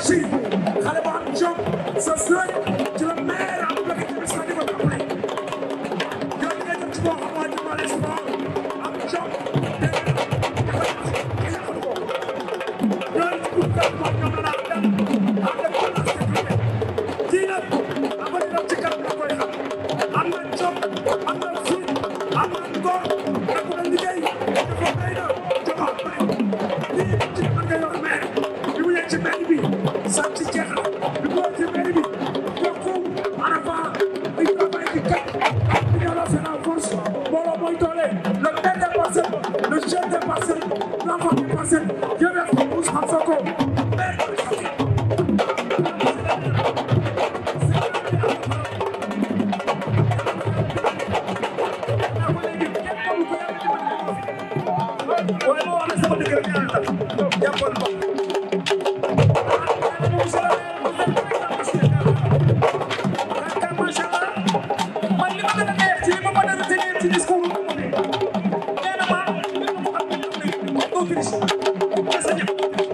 Sy xale bu am jom sa sëñ ci la maire am bëgg ci bis di ko jàppale gën nga jëm ci boo xamoon ci wàllu sport am jom te nga yàqu ko ñooñu ci guddi gàtt moom ñoom la daan dem ànd ak ko laas ci xale kii nag amal na ci kanam la koy xam am na jom am na fit am na ngor da ko doon liggéey dafa béy na jox am béy le maire des parcelles, le chef des parcelles, l'enfant des parcelles, Dieu merci Ousmane Sonko. Wala wala sama dëgg rek ñaanal Abdou Christ